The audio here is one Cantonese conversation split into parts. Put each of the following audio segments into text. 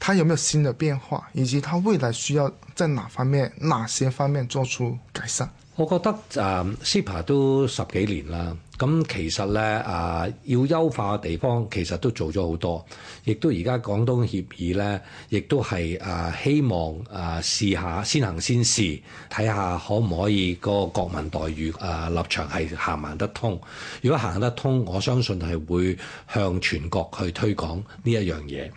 它有沒有新的變化，以及它未來需要在哪方面、哪些方面做出改善？我覺得誒，CEPA 都十幾年啦，咁其實咧誒，要優化嘅地方其實都做咗好多，亦都而家廣東協議咧，亦都係希望誒試下先行先試，睇下可唔可以個國民待遇誒立場係行唔行得通？如果行得通，我相信係會向全國去推廣呢一樣嘢。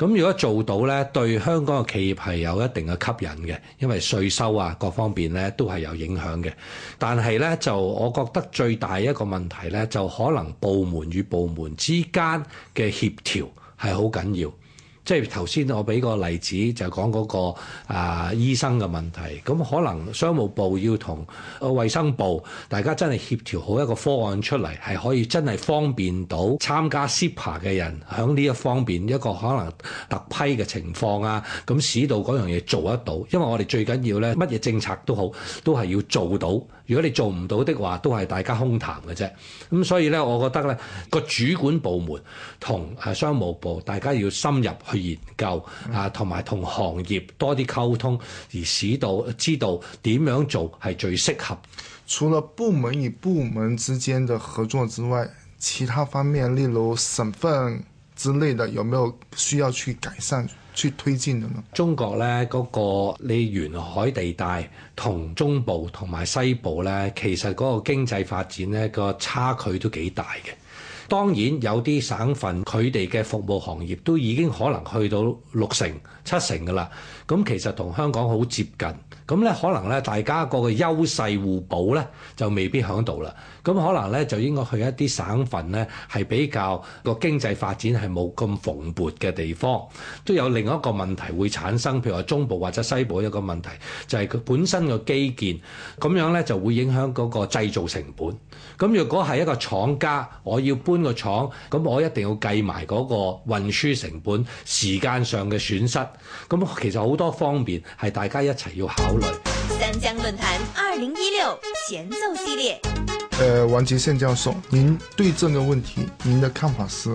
咁如果做到咧，對香港嘅企業係有一定嘅吸引嘅，因為稅收啊各方面咧都係有影響嘅。但係咧，就我覺得最大一個問題咧，就可能部門與部門之間嘅協調係好緊要。即係頭先我俾個例子就講嗰個啊醫生嘅問題，咁可能商務部要同啊衛生部大家真係協調好一個方案出嚟，係可以真係方便到參加 CEPA 嘅人喺呢一方面一個可能特批嘅情況啊，咁使到嗰樣嘢做得到，因為我哋最緊要咧乜嘢政策都好，都係要做到。如果你做唔到的話，都係大家空談嘅啫。咁所以咧，我覺得咧個主管部門同啊商務部大家要深入。去研究啊，同埋同行業多啲溝通，而使到知道點樣做係最適合。除了部門與部門之間的合作之外，其他方面，例如省份之類的，有沒有需要去改善、去推進的呢？中國咧嗰個你沿海地帶同中部同埋西部咧，其實嗰個經濟發展咧個差距都幾大嘅。當然有啲省份佢哋嘅服務行業都已經可能去到六成、七成㗎啦，咁其實同香港好接近。咁咧可能咧大家個個優勢互補咧就未必喺度啦。咁可能咧就應該去一啲省份咧係比較個經濟發展係冇咁蓬勃嘅地方。都有另一個問題會產生，譬如話中部或者西部一個問題，就係佢本身個基建咁樣咧就會影響嗰個製造成本。咁若果係一個廠家，我要搬。這個廠咁我一定要計埋嗰個運輸成本、時間上嘅損失，咁其實好多方面係大家一齊要考慮。三江論壇二零一六前奏系列。誒、呃，王杰憲教授，您對這個問題，您的看法是？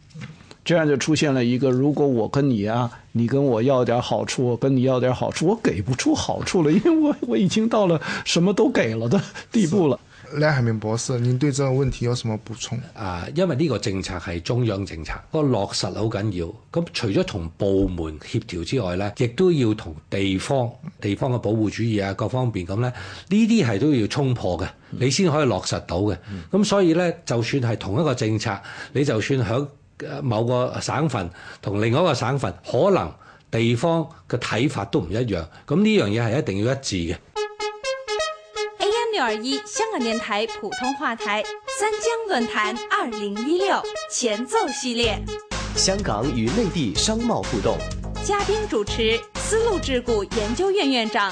這樣就出現了一個，如果我跟你啊，你跟我要點好處，我跟你要點好處，我給不出好處了，因為我我已經到了什麼都給了的地步了。梁海明博士，您對這個問題有什麼補充？啊，因為呢個政策係中央政策，個落實好緊要。咁除咗同部門協調之外呢，亦都要同地方、地方嘅保護主義啊，各方面。咁呢，呢啲係都要衝破嘅，你先可以落實到嘅。咁所以呢，就算係同一個政策，你就算響。某個省份同另外一個省份，可能地方嘅睇法都唔一樣。咁呢樣嘢係一定要一致嘅。AM 六二一香港電台普通話台三江論壇二零一六前奏系列，香港與內地商貿互動，嘉賓主持思路智谷研究院院長。